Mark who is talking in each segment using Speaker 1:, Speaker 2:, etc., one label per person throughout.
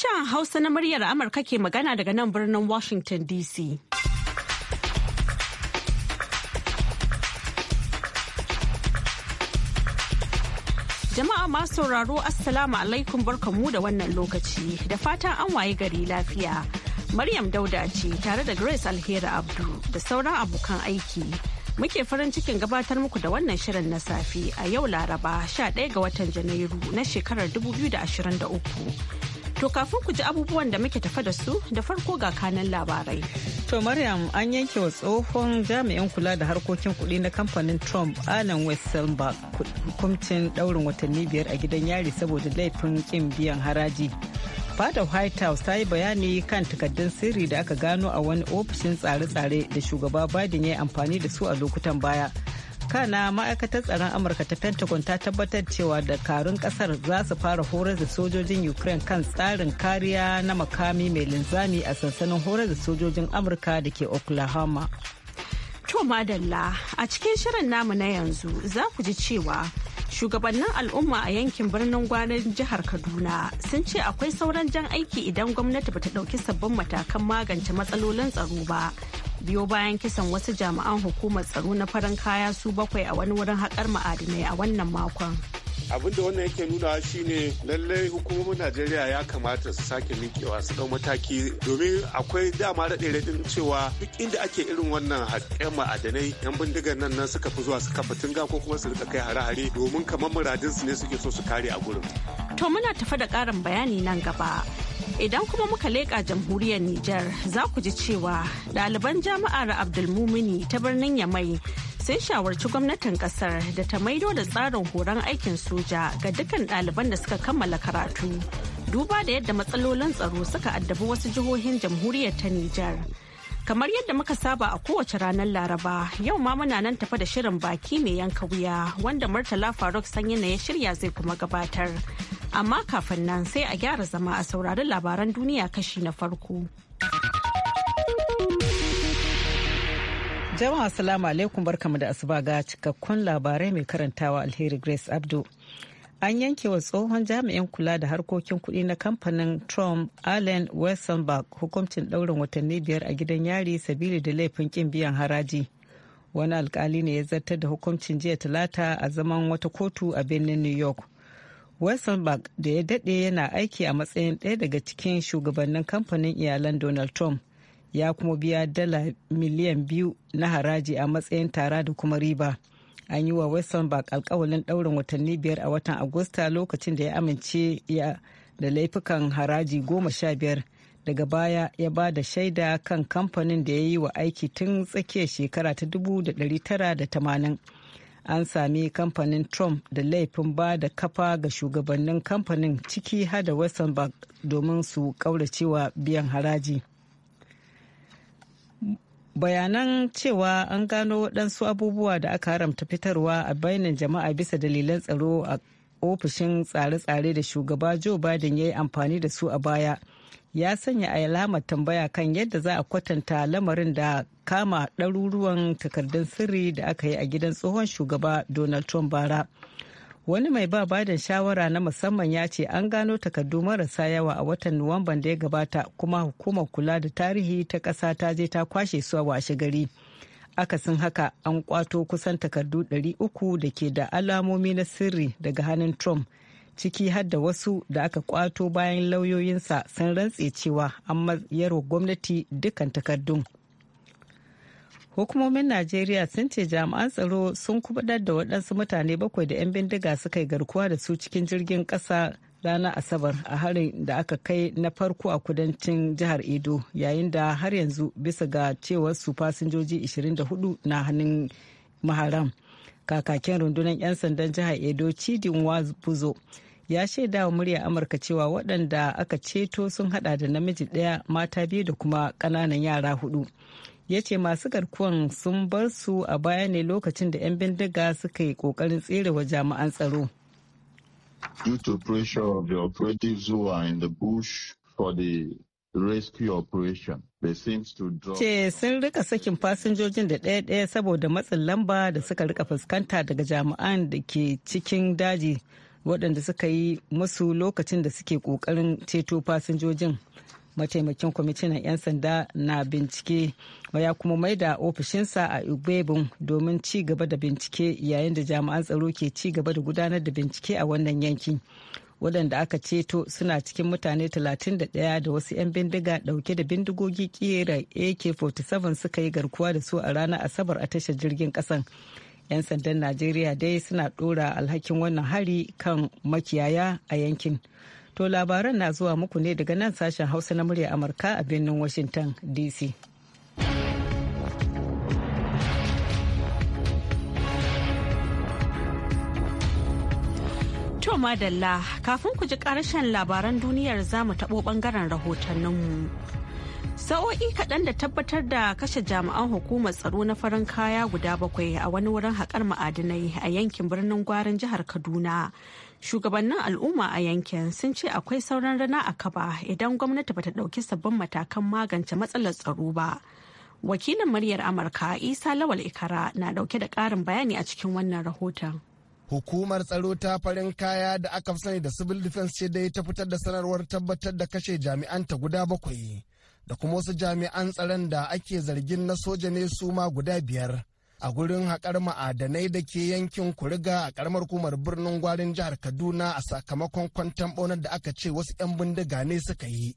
Speaker 1: Sashen Hausa na muryar Amurka ke magana daga nan birnin Washington DC. Jama'a masu sauraro Assalamu alaikum barkamu da wannan lokaci da fatan an waye gari lafiya. Maryam Dauda ce tare da Grace Alheri Abdu da sauran abokan aiki. Muke farin cikin gabatar muku da wannan shirin na safe a yau Laraba 11 ga watan Janairu na shekarar 2023. To kafin ku ji abubuwan da muke tafa da su da farko ga kanan labarai.
Speaker 2: To Maryam an yanke wa tsohon jami'in kula da harkokin kuɗi na kamfanin Trump Alan Westenberg hukuncin daurin watanni biyar a gidan yari saboda laifin kin biyan haraji. fada White House ta yi bayani kan takaddun sirri da aka gano a wani ofishin tsare-tsare da shugaba Biden ya yi amfani da su a lokutan baya. kana ma'aikatar tsaron amurka ta pentagon ta tabbatar cewa dakarun kasar za su fara horar da sojojin ukraine kan tsarin kariya na makami mai linzami a sansanin horar da sojojin amurka da ke oklahoma
Speaker 1: to madalla a cikin shirin namu na yanzu za ku ji cewa shugabannin al'umma a yankin birnin gwanan jihar kaduna sun ce akwai sauran jan aiki idan gwamnati bata ɗauki sabbin matakan magance matsalolin tsaro ba biyo bayan kisan wasu jami'an hukumar tsaro na farin kaya su bakwai a wani wurin haƙar ma'adinai a wannan makon.
Speaker 3: Abin da wannan yake nuna shine lallai hukumomin najeriya ya kamata su sake miƙewa su dau mataki domin akwai dama da raɗin cewa duk inda ake irin wannan haƙƙen ma'adanai yan bindigar nan nan suka fi zuwa su kafa tunga ko kuma su rika kai hare-hare domin kamar muradinsu ne suke so su kare a gurin.
Speaker 1: to muna tafa da ƙarin bayani nan gaba idan kuma muka leƙa jamhuriyar Nijar za ku ji cewa ɗaliban jami'ar Abdulmumini ta birnin Yamai sun shawarci gwamnatin kasar da ta maido da tsarin horon aikin soja ga dukkan ɗaliban da suka kammala karatu duba da yadda matsalolin tsaro suka addabi wasu jihohin jamhuriyar ta Nijar. Kamar yadda muka saba a kowace ranar Laraba, yau ma muna nan tafa da shirin baki mai yanka wuya wanda Murtala Faruk na ya shirya zai kuma gabatar. Amma kafin nan sai a gyara zama a saurari labaran duniya kashi na farko.
Speaker 2: Jama'a salamu alaikum barkamu da asuba ga cikakkun labarai mai karantawa alheri Grace Abdu. An yanke wa tsohon jami'in kula da harkokin kuɗi na kamfanin Trump Allen Westenberg hukuncin ɗaurin watanni biyar a gidan yari sabili da laifin kin biyan haraji. Wani alkali ne ya zartar da hukuncin jiya talata a zaman wata kotu a birnin New York. Westenberg da ya daɗe yana aiki a matsayin ɗaya daga cikin shugabannin kamfanin iyalan Donald Trump. ya kuma biya dala miliyan biyu na haraji a matsayin tara da kuma riba an yi wa western bank alkawalin ɗaurin watanni biyar a watan agusta lokacin da ya amince ya da laifukan haraji goma sha biyar daga baya ya ba da shaida kan kamfanin da ya yi wa aiki tun tsakiyar shekara ta dubu da da dari tara tamanin an sami kamfanin trump da laifin ba da kafa ga shugabannin kamfanin ciki hada western bank domin su cewa biyan haraji bayanan cewa an gano waɗansu abubuwa da aka haramta fitarwa a bainan jama'a bisa dalilan tsaro a ofishin tsare-tsare da shugaba joe biden ya yi amfani da su a baya ya sanya alamar tambaya kan yadda za a kwatanta lamarin da kama ɗaruruwan takardun sirri da aka yi a gidan tsohon shugaba donald trump bara wani mai ba badan shawara na musamman ya ce an gano takardu marasa yawa a watan nuwamban da ya gabata kuma hukumar kula da tarihi ta ƙasa ta je ta kwashe su a washe gari akasin haka an kwato kusan takardu 300 da ke da alamomi na sirri daga hannun trump ciki har da wasu da aka kwato bayan lauyoyinsa sun rantse cewa an mayarwa gwamnati dukkan takardun hukumomin najeriya sun ce jami'an tsaro sun kubadar da waɗansu mutane bakwai da 'yan bindiga suka yi garkuwa da su cikin jirgin ƙasa ranar asabar a harin da aka kai na farko a kudancin jihar edo yayin da har yanzu bisa ga cewar su fasinjoji 24 na hannun maharam kakakin rundunar 'yan sandan jihar edo cidin buzo ya shaida wa murya amurka cewa waɗanda aka ceto sun hada da namiji ɗaya mata biyu da kuma ƙananan yara hudu ya ce masu garkuwan sun bar su a baya ne lokacin da 'yan bindiga suka yi kokarin tserewa jami'an tsaro. Due to
Speaker 4: pressure of the operatives who are in the bush for the rescue operation. Ce
Speaker 2: sun rika sakin fasinjojin da ɗaya-ɗaya saboda matsin lamba da suka rika fuskanta daga jami'an da ke cikin daji waɗanda suka yi musu lokacin da suke ƙoƙarin ceto fasinjojin. mataimakin kwamishinan 'yan sanda na bincike ya kuma mai da ofishinsa a igbebin domin ci gaba da bincike yayin da jami'an tsaro ke ci gaba da gudanar da bincike a wannan yanki waɗanda aka ceto suna cikin mutane 31 da wasu 'yan bindiga ɗauke da bindigogi kera ak-47 suka yi garkuwa da su a ranar asabar a tashar jirgin ƙasan 'yan sandan najeriya dai suna ɗora alhakin wannan hari kan makiyaya a yankin To labaran na zuwa muku ne daga nan sashen Hausa na murya Amurka a birnin Washington DC.
Speaker 1: To madalla kafin ku ji karshen labaran duniyar zamu taɓo ɓangaren rahotanninmu. sa'o'i kaɗan da tabbatar da kashe jami'an hukumar tsaro na farin kaya guda bakwai a wani wurin haƙar ma'adinai a yankin birnin gwarin jihar kaduna shugabannin al'umma a yankin sun ce akwai sauran rana a kaba idan gwamnati bata dauki sabbin matakan magance matsalar tsaro ba wakilin muryar amurka isa lawal ikara na dauke da karin bayani a cikin wannan rahoton
Speaker 5: hukumar tsaro ta farin kaya da aka sani da civil defense ce dai ta fitar da sanarwar tabbatar da kashe jami'an ta guda bakwai da kuma wasu jami'an tsaron da ake zargin na soja ne su ma guda biyar a gurin haƙar ma'adanai da ke yankin kuriga a ƙaramar hukumar birnin gwarin jihar kaduna a sakamakon kwantan ɓaunar da aka ce wasu 'yan bindiga ne suka yi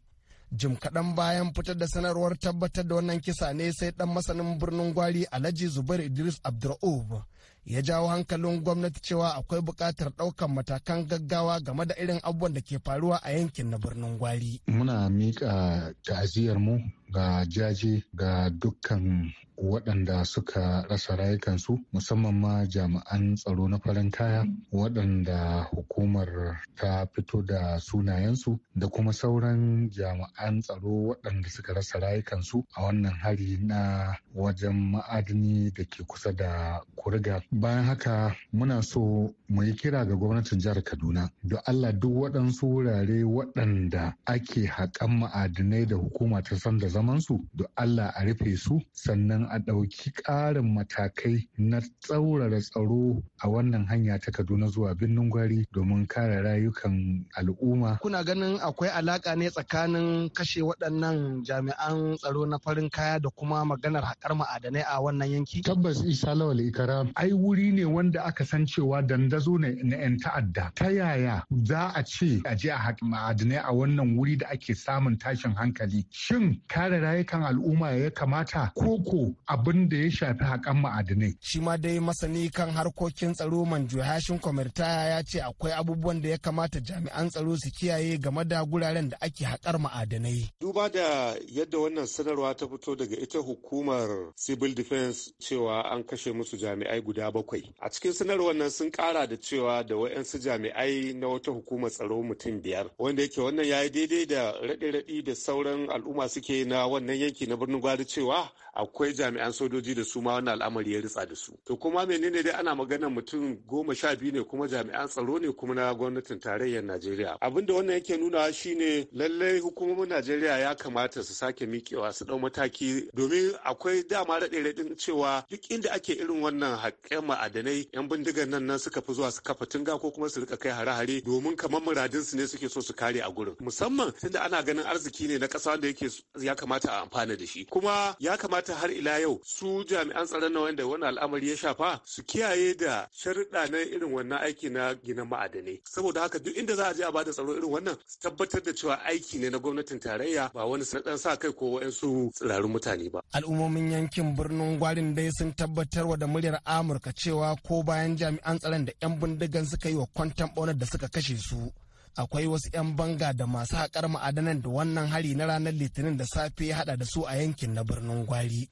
Speaker 5: jim kaɗan bayan fitar da sanarwar tabbatar da wannan kisa ne sai ɗan masanin birnin gwari alhaji zubair idris abdur'ub ya jawo hankalin gwamnati cewa akwai buƙatar ɗaukar matakan gaggawa game da irin abubuwan da ke faruwa a yankin na birnin gwari
Speaker 6: muna miƙa ta'aziyar mu ga jaje ga dukkan waɗanda suka rasa rayukansu musamman ma jami'an tsaro na farin kaya waɗanda hukumar ta fito da sunayensu da kuma sauran jami'an tsaro waɗanda suka rasa rayukansu a wannan hari na wajen ma'adini da ke kusa da kuriga bayan haka muna so mu yi kira ga gwamnatin jihar kaduna don allah duk waɗansu wurare waɗanda ake haƙan ma'adinai da hukuma ta san da zamansu da Allah a rufe su sannan a ɗauki ƙarin matakai na tsaurara tsaro a wannan hanya ta Kaduna zuwa birnin Gwari domin kare rayukan al'umma.
Speaker 5: Kuna ganin akwai alaƙa ne tsakanin kashe waɗannan jami'an tsaro na farin kaya da kuma maganar haƙar ma'adanai a wannan yanki? Tabbas Isa Lawal Ikara
Speaker 6: ai wuri ne wanda aka san cewa dandazo na 'yan ta'adda. Ta yaya za a ce a je a haƙi ma'adanai a wannan wuri da ake samun tashin hankali? Shin kare kare
Speaker 5: rayukan al'umma ya kamata koko abin da ya shafi haƙan ma'adinai. Shi ma dai masani kan harkokin tsaro manjo hashin kwamirtaya ya ce akwai abubuwan da ya kamata jami'an tsaro su kiyaye game da guraren da ake haƙar ma'adinai.
Speaker 3: Duba da yadda wannan sanarwa ta fito daga ita hukumar civil defense cewa an kashe musu jami'ai guda bakwai. A cikin sanarwar nan sun ƙara da cewa da wa'yansu jami'ai na wata hukumar tsaro mutum biyar wanda yake wannan ya yi daidai da raɗe-raɗi da sauran al'umma suke yi na wannan yanki na birnin gwari cewa akwai jami'an sojoji da su ma wannan al'amari ya ritsa da su to kuma menene dai ana magana mutum goma sha biyu ne kuma jami'an tsaro ne kuma na gwamnatin tarayyar najeriya abinda wannan yake nuna shine lallai hukumomin najeriya ya kamata su sake miƙewa su ɗau mataki domin akwai dama raɗe raɗin cewa duk inda ake irin wannan haƙƙen ma'adanai yan bindigan nan nan suka fi zuwa su kafa tunga ko kuma su rika kai hare-hare domin kamar muradinsu ne suke so su kare a gurin musamman tunda ana ganin arziki ne na ƙasa wanda yake ya kamata a amfana da shi kuma ya kamata har ila yau su jami'an tsaron na wanda wannan al'amari ya shafa su kiyaye da sharuɗa na irin wannan aiki na gina ma'adanai saboda haka duk inda za a je a bada tsaro irin wannan su tabbatar da cewa aiki ne na gwamnatin tarayya ba wani sanadan sa kai ko wa'yansu tsirarun mutane ba
Speaker 5: al'ummomin yankin birnin gwarin dai sun tabbatar wa da muryar amurka cewa ko bayan jami'an tsaron da 'yan bindigan suka yi wa kwantan baunar da suka kashe su akwai wasu 'yan banga da masu haƙar ma'adanan da wannan hari na ranar litinin da safe ya haɗa da su a yankin na birnin gwari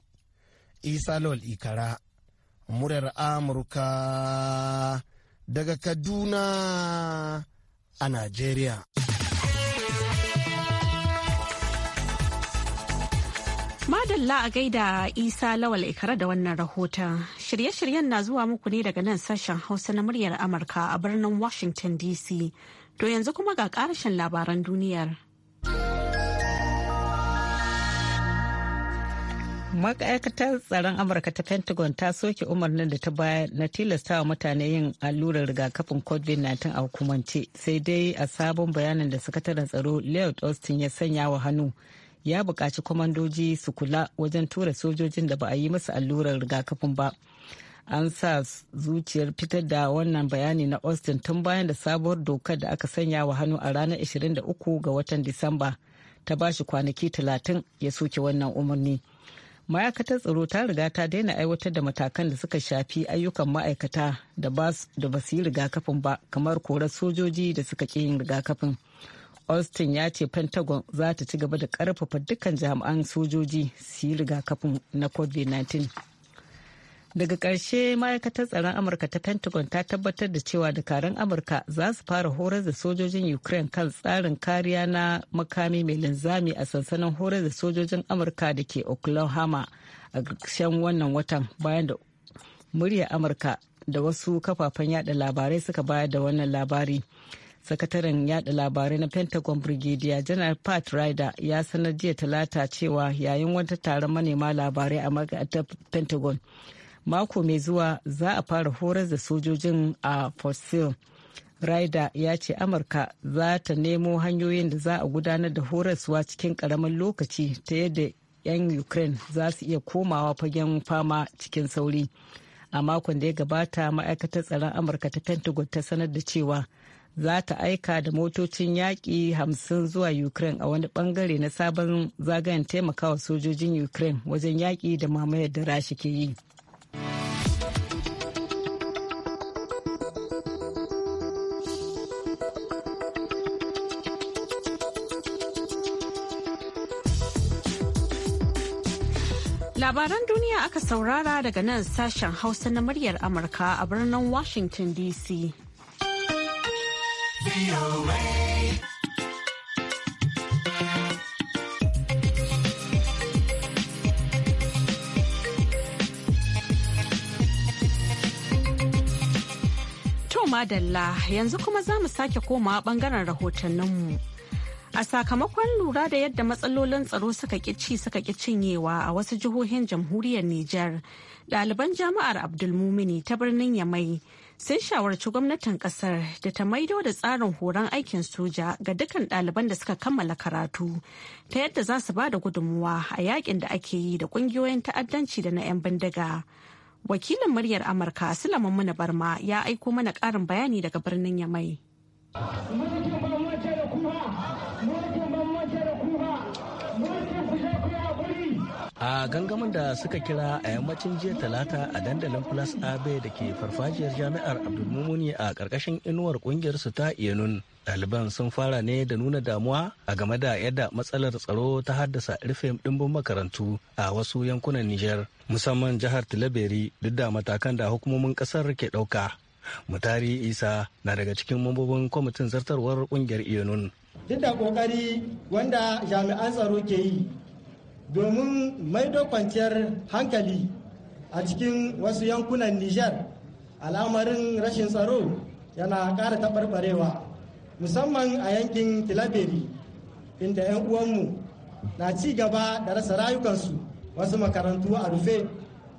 Speaker 5: isa lol ikara murar amurka daga kaduna a najeriya
Speaker 1: Madalla a gaida Isa Lawal Ikara da wannan rahoton. Shirye-shiryen na zuwa muku ne daga nan sashen Hausa na muryar Amurka a birnin Washington DC. To yanzu kuma ga karshen labaran duniyar.
Speaker 2: ma'aikatar tsaron amurka ta pentagon ta soke umarnin da ta baya na tilasta wa mutane yin allurar rigakafin covid-19 a hukumance sai dai a sabon bayanin da sakataren tsaro leo austin ya sanya wa hannu ya bukaci kwamandoji su kula wajen tura sojojin da ba a yi musu allurar rigakafin ba an sa zuciyar fitar da wannan bayani na austin tun bayan da sabuwar dokar da aka sanya wa hannu a ranar 23 ga watan disamba ta ba shi kwanaki 30 ya soke wannan umarni ma'aikatar tsaro ta riga ta daina aiwatar da matakan da suka shafi ayyukan ma'aikata da ba su yi rigakafin ba kamar korar sojoji da suka ƙi yin rigakafin austin ya ce pentagon za ta ci gaba da ƙarfafa dukkan jami'an sojoji su yi rigakafin na covid-19 daga ƙarshe ma'aikatar tsaron amurka ta pentagon ta tabbatar da cewa dakarun amurka za su fara horar da sojojin ukraine kan tsarin kariya na makami mai linzami a sansanin horar da sojojin amurka da ke oklahoma a ƙarshen wannan watan bayan da murya amurka da wasu kafafen yada labarai suka bayar da wannan labari sakataren yada labarai na pentagon brigadier janar pat ryder ya sanar jiya talata cewa yayin wata taron manema labarai a ta pentagon mako mai zuwa za a fara horar da sojojin a fossil ryder ya ce amurka za ta nemo hanyoyin da za a gudanar da horaswa cikin karamin lokaci ta yadda 'yan ukraine za su iya komawa fagen fama cikin sauri a makon da ya gabata ma'aikatar tsaron amurka ta pentagon ta sanar da cewa za ta aika da motocin yaƙi hamsin zuwa ukraine a wani bangare na sabon zagayen taimakawa sojojin ukraine wajen yaƙi da mamayar da rashi ke yi.
Speaker 1: Labaran duniya aka saurara daga nan sashen Hausa na muryar Amurka a birnin Washington DC. To madalla yanzu kuma za mu sake koma bangaren rahotanninmu. A sakamakon lura da yadda matsalolin tsaro suka ci suka ki cinyewa a wasu jihohin jamhuriyar Nijar, ɗaliban jami'ar Abdulmumini ta birnin Yamai sun shawarci gwamnatin ƙasar da ta maido da tsarin horon aikin soja ga dukkan ɗaliban da suka kammala karatu ta yadda za su ba da gudunmuwa a yakin da ake yi da ƙungiyoyin ta'addanci da na 'yan bindiga. Wakilin muryar Amurka Sulaiman Muna Barma ya aiko mana ƙarin bayani daga birnin Yamai.
Speaker 7: a gangamin da suka kira a yammacin jiya talata a dandalin plus abe da ke farfajiyar jami'ar abdulmumuni a ƙarƙashin inuwar ƙungiyar su ta iyanun ɗaliban sun fara ne da nuna damuwa a game da yadda matsalar tsaro ta haddasa rufe ɗimbin makarantu a wasu yankunan nijar musamman jihar tilaberi duk da matakan da hukumomin ƙasar ke ɗauka mutari isa na daga cikin mambobin kwamitin zartarwar ƙungiyar iyanun duk da ƙoƙari wanda jami'an tsaro ke yi domin maido kwanciyar hankali a cikin wasu yankunan Nijar al'amarin rashin tsaro yana ƙara taɓarɓarewa musamman a yankin Tilaberi inda 'yan uwanmu na ci gaba da rasa rayukansu wasu makarantu a rufe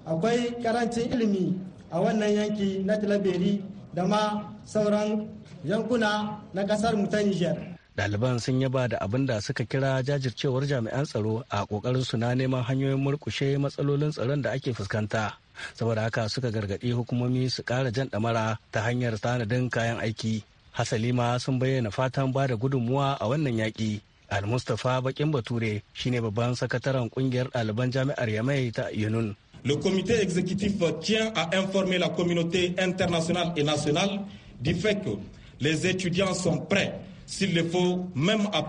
Speaker 7: akwai karancin ilimi a wannan yanki na Tilaberi da ma sauran yankuna na ƙasar mu ta Nijar. Ɗaliban sun yaba da abin da suka kira jajircewar jami'an tsaro a ƙoƙarin su na neman hanyoyin murƙushe matsalolin tsaron da ake fuskanta. Saboda haka suka gargaɗi hukumomi su ƙara jan ɗamara ta hanyar tanadin kayan aiki. Hasalima sun bayyana fatan ba da gudunmuwa a wannan yaƙi. Al-Mustapha Bakin Bature shine babban sakataren ƙungiyar ɗaliban jami'ar Yamai ta Yunun. Le
Speaker 5: comité exécutif
Speaker 7: tient à informer la communauté
Speaker 5: internationale et nationale du fait que les étudiants sont prêts s'il le faut même à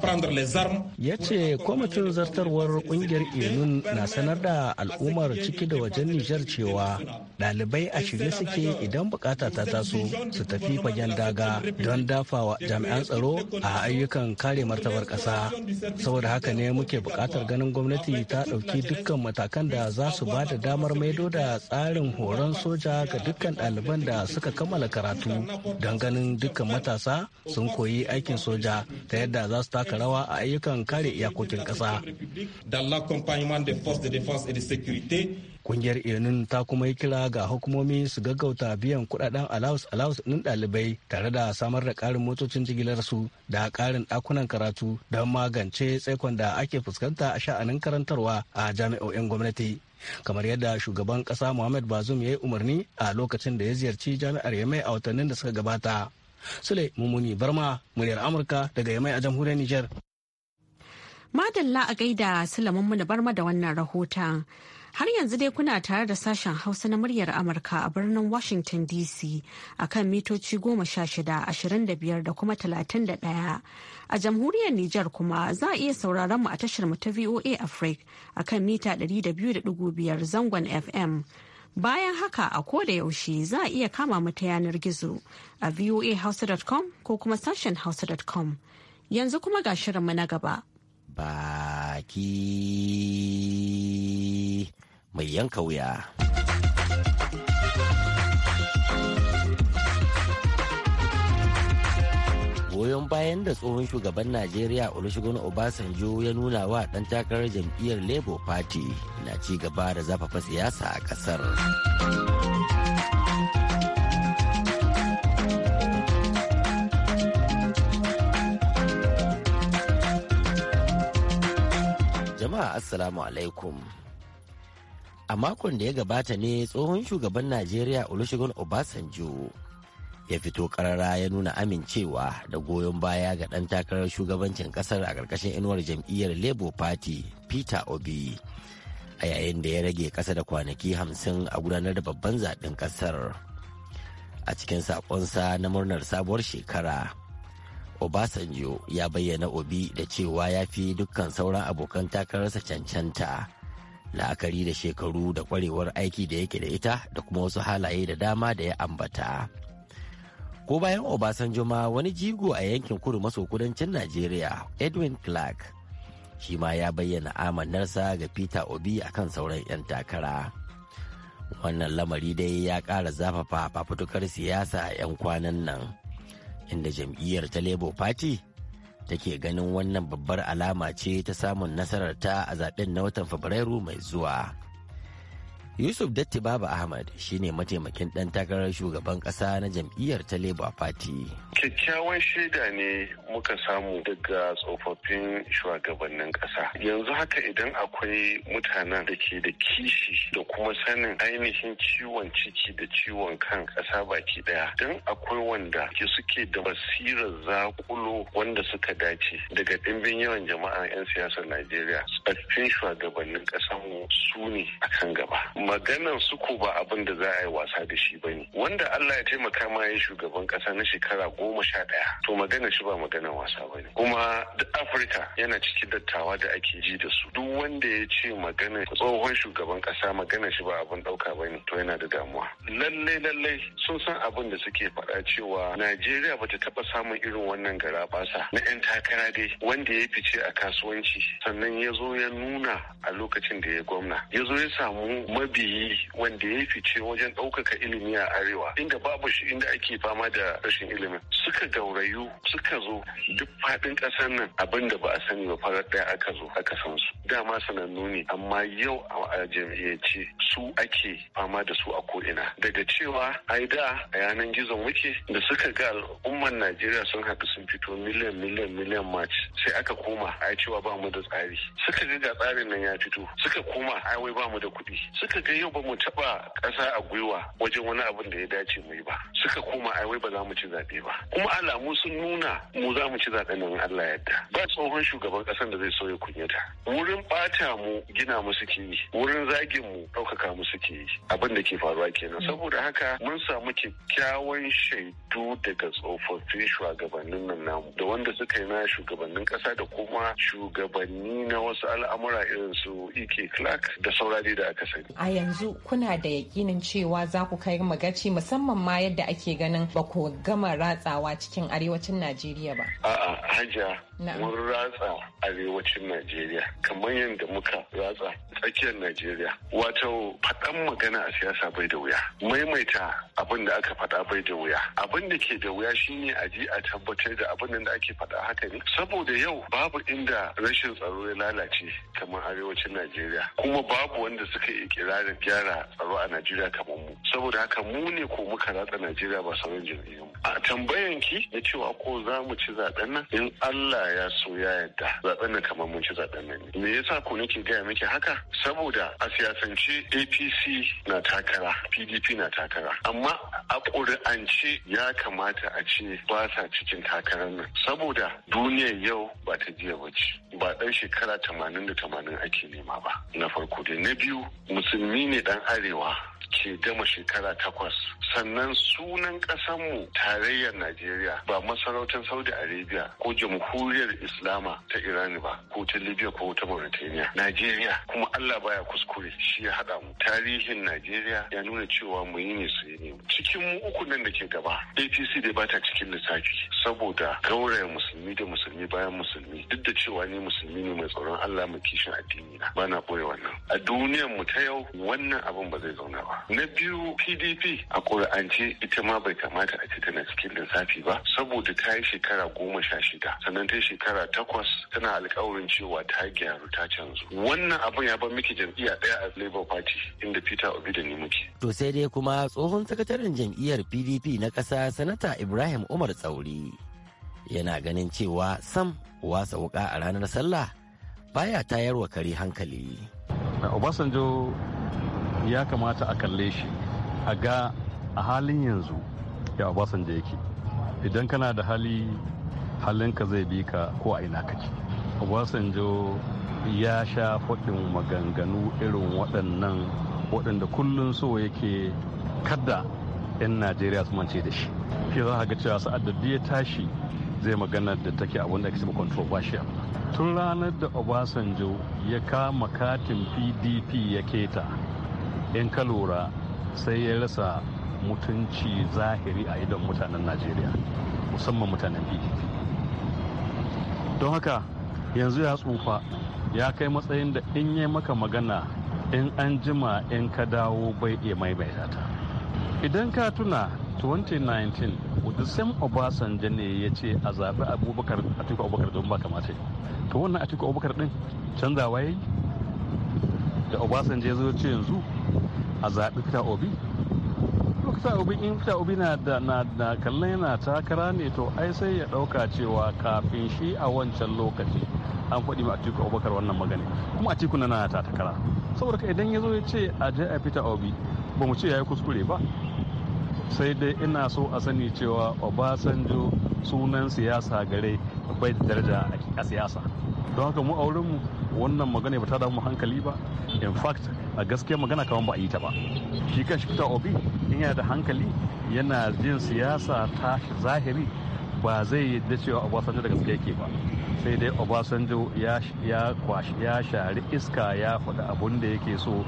Speaker 7: Ya ce kwamitin zartarwar kungiyar inun na sanar da al'ummar ciki da wajen Nijar cewa dalibai a shirye suke idan bukata ta taso su tafi fagen daga don dafawa jami'an tsaro a ayyukan kare martabar ƙasa. Saboda haka ne muke bukatar ganin gwamnati ta ɗauki dukkan matakan da za su ba da damar maido da tsarin horon soja ga dukkan ɗaliban da suka kammala karatu don ganin dukkan matasa sun koyi aikin soja ta yadda za su taka rawa a ayyukan kare iyakokin ƙasa. Kungiyar Enun ta kuma yi kira ga hukumomi su gaggauta biyan kudaden alaus-alaus ɗin ɗalibai tare da samar da ƙarin motocin jigilar su da ƙarin ɗakunan karatu don magance tsaikon da ake fuskanta a sha'anin karantarwa a jami'o'in gwamnati. kamar yadda shugaban kasa muhammad bazum ya yi umarni a lokacin da ya ziyarci jami'ar yamai a watannin da suka gabata Sule Mumuni Barma muryar Amurka daga Yamai a jamhuriyar Nijar.
Speaker 1: Madalla a gaida Sule Mumuni Barma da wannan rahoton. Har yanzu dai kuna tare da sashen Hausa na muryar Amurka a birnin Washington DC a kan mitoci goma sha shida, ashirin da biyar da kuma talatin da ɗaya. A jamhuriyar Nijar kuma za a iya sauraron mu a tashar mu ta VOA Africa a kan mita ɗari da biyu da ɗigo biyar zangon FM. Bayan haka a koda yaushe za a iya kama mata yanar gizo a voahouse.com ko kuma sashen hausa.com. Yanzu kuma ga shirinmu na gaba.
Speaker 8: Baki mai yanka wuya. goyon bayan da tsohon shugaban najeriya olusegun obasanjo ya nuna wa dan takarar jam'iyyar labour party na ci gaba da zafafa siyasa a kasar jama'a assalamu alaikum a makon da ya gabata ne tsohon shugaban najeriya olusegun obasanjo ya fito karara ya nuna amincewa da goyon baya ga ɗan takarar shugabancin ƙasar a ƙarƙashin inuwar jam'iyyar labour party peter obi a yayin da ya rage ƙasa da kwanaki hamsin a gudanar da babban zaɓen ƙasar a cikin saƙonsa na murnar sabuwar shekara obasanjo ya bayyana obi da cewa ya fi dukkan sauran abokan takararsa cancanta la'akari da shekaru da kwarewar aiki da yake da ita da kuma wasu halaye da dama da ya ambata. ko bayan obasanjo ma wani jigo a yankin kudu maso kudancin najeriya edwin clark shi ma ya bayyana amannarsa ga peter obi kan sauran 'yan takara wannan lamari dai ya ƙara zafafa fafutukar siyasa a 'yan kwanan nan inda jam'iyyar ta labour party take ganin wannan babbar alama ce ta samun nasarar ta a zaben na watan fabrairu mai zuwa yusuf datti baba ahmad shine mataimakin ɗan takarar shugaban ƙasa na jam'iyyar ta labour party
Speaker 9: kyakkyawan shaida ne muka samu daga tsofaffin shugabannin ƙasa, yanzu haka idan akwai mutanen da ke da kishi da kuma sanin ainihin ciwon ciki da ciwon kan kasa baki ɗaya, don akwai wanda ke suke da basirar zakulo wanda suka dace daga ɗimbin yawan jama'a 'yan siyasar najeriya tsaffin shugabannin mu su ne a kan gaba maganan suku ba abin da za a yi wasa da shi ba ne wanda Allah ya taimaka ma ya shugaban kasa na shekara goma sha ɗaya to magana shi ba magana wasa ba ne kuma duk Afirka yana cikin dattawa da ake ji da su duk wanda ya ce magana tsohon shugaban kasa magana shi ba abin ɗauka ba ne to yana da damuwa lallai lallai sun san abin da suke faɗa cewa Najeriya bata taɓa samun irin wannan gara basa na 'yan takara dai wanda ya fice a kasuwanci sannan ya zo ya nuna a lokacin da ya gwamna ya zo ya samu mabiyi wanda ya fice wajen ɗaukaka ilimi a arewa inda babu shi inda ake fama da rashin ilimin suka gaurayu suka zo duk faɗin ƙasar nan abin da ba a sani ba farar ɗaya aka zo aka san su dama sanannu ne amma yau a a jam'iyyance su ake fama da su a ko'ina daga cewa ai da a yanan gizon muke da suka ga al'umman najeriya sun haɗu sun fito miliyan miliyan miliyan march sai aka koma ai cewa ba mu da tsari suka ga tsarin nan ya fito suka koma ai wai ba mu da kuɗi suka ga yau ba mu taɓa ƙasa a gwiwa wajen wani abun da ya dace mu ba suka koma ai wai ba za mu ci zaɓe ba kuma alamu sun nuna mu za mu ci zaɓen nan Allah yadda ba tsohon shugaban ƙasar da zai so kunyata wurin ɓata mu gina mu suke wurin zagin mu ɗaukaka mu suke yi abin da ke faruwa kenan mm. saboda haka mun samu kyakkyawan shaidu daga tsofaffin shugabannin nan namu da wanda suka yi na shugabannin ƙasa da kuma shugabanni na wasu al'amura irin su ike clark da saurari da aka sani
Speaker 2: a yanzu kuna da yakinin cewa za ku kai magaci musamman ma yadda ake ganin ba ku gama ratsawa cikin arewacin najeriya ba
Speaker 9: a'a hajiya mun ratsa arewacin Najeriya kamar yadda muka ratsa tsakiyar Najeriya. Wato faɗan magana a siyasa bai da wuya. Maimaita abin da aka faɗa bai da wuya. Abin da ke da wuya shine a ji a tabbatar da abin da ake faɗa haka ne. Saboda yau babu inda rashin tsaro ya lalace kamar arewacin Najeriya. Kuma babu wanda suka yi ikirarin gyara tsaro a Najeriya kamar mu. Saboda haka mu ne ko muka ratsa Najeriya ba sauran jirgin mu. A tambayan ki na cewa ko za mu ci zaɓen nan in Allah ya so ya yadda zaɓen nan kamar mun ci zaɓen nan me yasa ko nake gaya miki haka saboda a siyasance APC na takara PDP na takara amma a ƙuri'ance ya kamata a ce ba sa cikin takarar nan saboda duniyar yau ba ta jiya ba ce ba ɗan shekara tamanin da tamanin ake nema ba na farko dai na biyu musulmi ne ɗan arewa ke gama shekara takwas sannan sunan mu. tarayyar najeriya ba masarautar saudi arabia ko jamhuriyar islama ta iran ba ko ta libya ko ta mauritania najeriya kuma allah baya kuskure shi ya haɗa mu tarihin najeriya ya nuna cewa mu yi ne su yi ne cikin mu uku nan da ke gaba apc da ba ta cikin lissafi saboda gauraya musulmi da musulmi bayan musulmi duk da cewa ni musulmi ne mai tsoron allah mai kishin addini na ba na ɓoye wannan a duniyar mu ta yau wannan abin ba zai zauna ba na biyu pdp a ƙuri'ance ita ma bai kamata a ce tana cikin lissafi ba saboda ta yi shekara goma sha shida sannan ta yi shekara takwas tana alkawarin cewa ta gyaru ta canzu wannan abin ya bar miki jam'iyya ɗaya a labour party inda peter obi da ni muke.
Speaker 8: to sai dai kuma tsohon sakataren jam'iyyar pdp na ƙasa sanata ibrahim umar tsauri yana ganin cewa sam wasa wuƙa a ranar sallah baya tayar wa kare hankali. Obasanjo ya kamata a kalle shi a ga a halin
Speaker 4: yanzu ya obasanjo yake idan kana da hali halinka zai bi ka ko a ina kake obasanjo ya sha faɗin maganganu irin waɗannan waɗanda kullum so yake kada 'yan najeriya su mance da shi shi za ga cewa sa'ad da ya tashi zai magana da take abin da ake ba shi tun ranar da obasanjo ya kama katin pdp ya keta in ka lura sai ya rasa mutunci zahiri a idon mutanen najeriya musamman mutanen pdp don haka yanzu ya tsufa ya kai matsayin da in yi maka magana in an jima in ka dawo bai iya maimaita ta idan ka tuna 2019 the same obasanjo ne ya ce a zaɓi abubakar atiku abubakar don ba kamata to wannan atiku abubakar din canzawa ya yi da obasanjo ya zo ce yanzu a zaɓi fita obi fita obi in fita obi na da na kallon yana takara ne to ai sai ya ɗauka cewa kafin shi a wancan lokaci an faɗi ma atiku abubakar wannan magani kuma atiku na ta takara saboda ka idan ya zo ya ce a je a fita obi ba mu ce ya yi kuskure ba sai dai ina so a sani cewa obasanjo sunan siyasa gare bai da daraja a siyasa don haka mu a wurinmu wannan magana ba ta damu hankali ba in fact a gaskiya magana kawai ba a yi ta ba shi kan shi fita obi in yana da hankali yana jin siyasa ta zahiri ba zai yadda cewa obasanjo da gaskiya ke ba sai dai obasanjo ya shari iska ya faɗi abun da yake so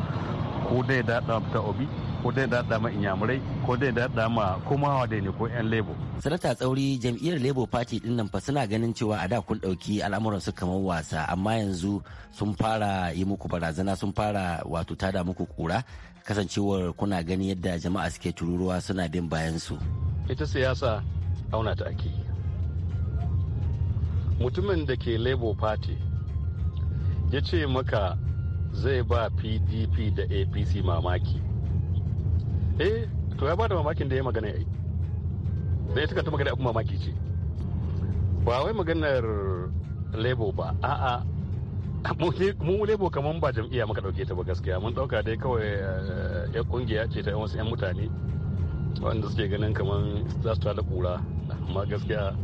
Speaker 4: ko dai da ta obi ko dai da ma inyamurai ko dai da ma
Speaker 8: komawa da ne ko yan lebo. sanata tsauri jam'iyyar lebo party din nan fa suna ganin cewa a da kun ɗauki al'amuran su kamar wasa amma yanzu sun fara yi muku barazana sun fara wato tada muku kura kasancewar kuna gani yadda jama'a suke tururuwa suna bin bayan su.
Speaker 4: ita siyasa auna ta ake mutumin da ke lebo party ya ce maka zai ba pdp da apc mamaki eh to ya ba da mamakin da ya magana ya yi da ya tukata magana abu mamaki ce ba wai maganar lebo ba a'a mu lebo kamar ba jam'iyya muka dauke ta ba gaskiya mun dauka dai kawai ya eh, kungiya ce ta wasu 'yan mutane wanda suke ganin kamar za su tada kura amma gaskiya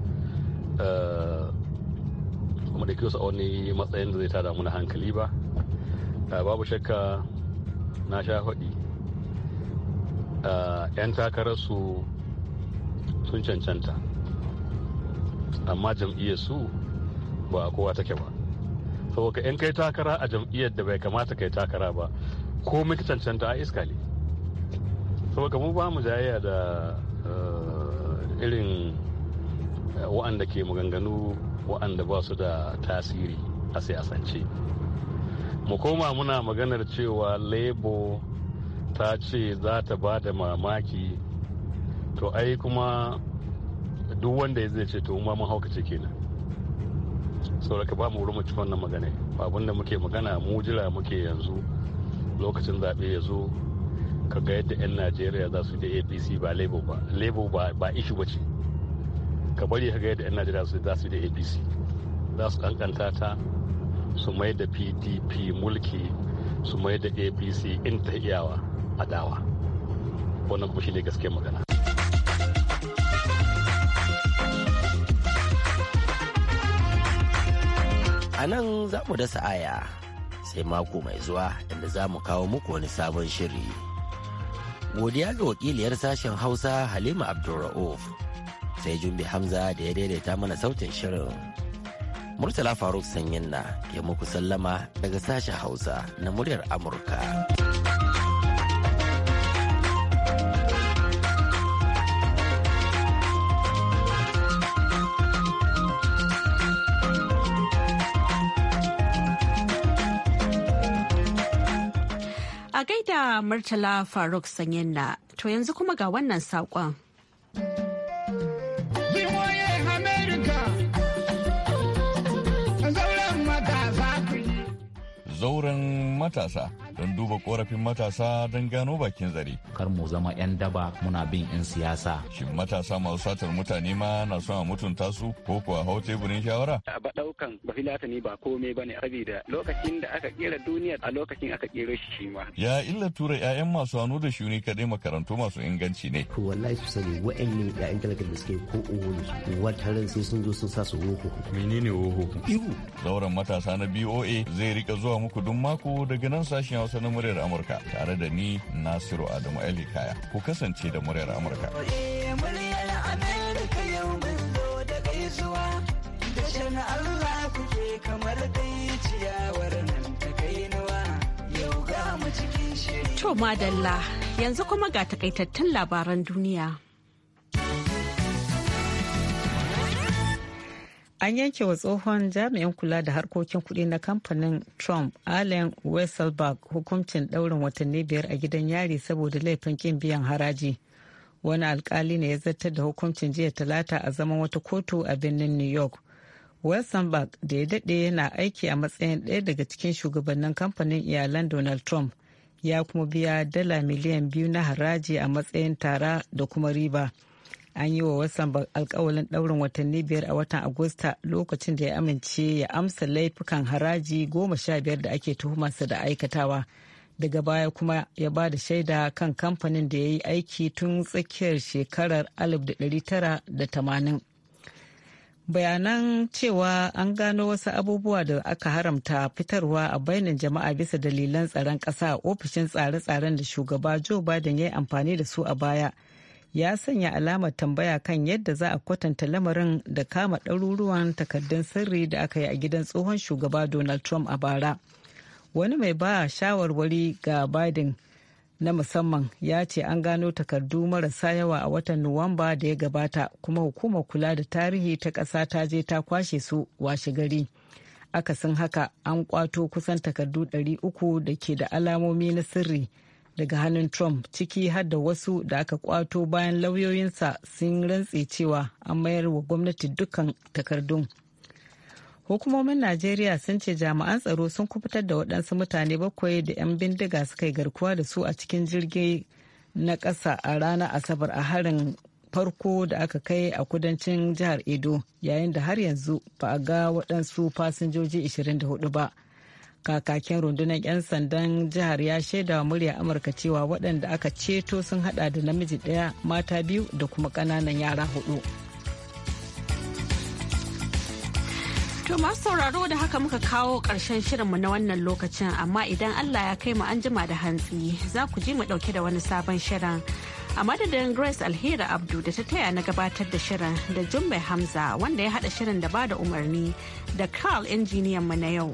Speaker 4: kuma da kyau a wani matsayin da zai tada muna na hankali ba Eh, babu shakka na sha faɗi yan eh, su sun cancanta amma jam'iyyar su ba a kowa take ba saboda in kai takara a jam'iyyar da bai kamata kai takara ba ko muka cancanta a iska ne saboda mu ba mu jayayya da eh, irin wa'anda ke maganganu wa'anda ba su da tasiri a sai sance mu koma muna maganar cewa lebo ta ce za ta ba da mamaki to ai kuma duk wanda ya zai ce to ma mahaukaci kenan ka ba mu rumuci wannan magana abin da muke magana mu jira muke yanzu lokacin zaɓe ya zo ka ga yadda 'yan najeriya za su da apc ba lebo ba lebo ba ishu ba ce ka bari ka ga yadda 'yan najeriya za su da apc za su kankanta ta su mai da pdp mulki su mai da apc in ta iyawa adawa wannan kuma shine gaske magana
Speaker 8: a nan za mu dasa aya sai mako mai zuwa inda za mu kawo muku wani sabon shiri godiya ga wakiliyar sashen hausa halima abdulra'uf sai jumbi hamza da ya daidaita mana sautin shirin Murtala Faruk Sanyin na ke muku sallama daga sashen Hausa na muryar Amurka.
Speaker 1: A gaida Murtala Faruk Sanyin na, to yanzu kuma ga wannan saƙon.
Speaker 4: zauren matasa don duba korafin matasa don gano bakin zare. Kar mu zama 'yan daba muna bin 'yan siyasa. Shin matasa masu satar mutane ma na son a mutunta su ko kuwa hau teburin shawara? A
Speaker 7: ba ba filata ne ba komai ba ne da
Speaker 4: lokacin da aka kera duniya a lokacin aka kera shi ma. Ya illa tura 'ya'yan masu hannu da shuni kadai makarantu masu inganci ne.
Speaker 8: Ko wallahi su sani wa'annan 'ya'yan talaka da suke ko uwanu su wataran sai sun zo sun sa su woho. Menene woho? Ihu.
Speaker 4: Zauren matasa na BOA zai rika zuwa muku duk mako daga nan sashen Hausa na muryar Amurka tare da ni Nasiru Adamu Ali Kaya. Ku kasance da muryar Amurka.
Speaker 7: Eh,
Speaker 1: Allah da yanzu kuma ga takaitattun labaran duniya. an yanke wa
Speaker 2: tsohon jami'in kula da harkokin kuɗi na kamfanin trump allen wesselberg hukuncin ɗaurin watanni biyar a gidan yari saboda laifin kin biyan haraji wani alkali ne ya zartar da hukuncin jiya talata a zaman wata kotu a birnin new york weselberg da ya daɗe yana aiki a matsayin ɗaya daga cikin shugabannin kamfanin iyalan donald trump ya kuma biya dala miliyan biyu na haraji a matsayin tara da kuma riba. an yi wa wasan alkawalin daurin watanni biyar a watan agusta lokacin da ya amince ya amsa laifukan haraji goma sha biyar da ake tuhumarsa da aikatawa daga baya kuma ya ba da shaida kan kamfanin da ya yi aiki tun tsakiyar shekarar 1980 bayanan cewa an gano wasu abubuwa da aka haramta fitarwa a bainin jama'a bisa dalilan tsaron ƙasa a ofishin tsare-tsaren da shugaba joe biden ya yi amfani da su a baya ya sanya alamar tambaya kan yadda za a kwatanta lamarin da kama ɗaruruwan takardun sirri da aka yi a gidan tsohon shugaba donald trump a bara wani mai ba shawarwari ga biden na musamman ya ce an gano takardu marasa yawa a watan nuwamba da ya gabata kuma hukumar kula da tarihi ta ƙasa ta je ta kwashe su washe gari akasin haka an kwato kusan takardu 300 da ke da alamomi na sirri daga hannun Trump ciki har da wasu da aka kwato bayan lauyoyinsa sun rantse cewa an mayar wa gwamnati dukkan takardun. Hukumomin Najeriya sun ce jami'an tsaro sun kubutar da waɗansu mutane bakwai da 'yan bindiga suka yi garkuwa da su a cikin jirgin na ƙasa a ranar Asabar a harin farko da aka kai a kudancin jihar Edo yayin da har yanzu ba a ga waɗansu fasinjoji 24 ba. kakakin rundunar 'yan sandan jihar ya shaida wa murya amurka cewa waɗanda aka ceto sun hada da namiji ɗaya mata biyu da kuma ƙananan yara hudu
Speaker 1: To masu sauraro da haka muka kawo ƙarshen shirinmu na wannan lokacin amma idan Allah ya kai mu an jima da hantsi za ku ji mu ɗauke da wani sabon shirin. A madadin Grace Alheri Abdu da ta taya na gabatar da shirin da Jumbe Hamza wanda ya haɗa shirin da ba da umarni da Carl injiniyan mu na yau.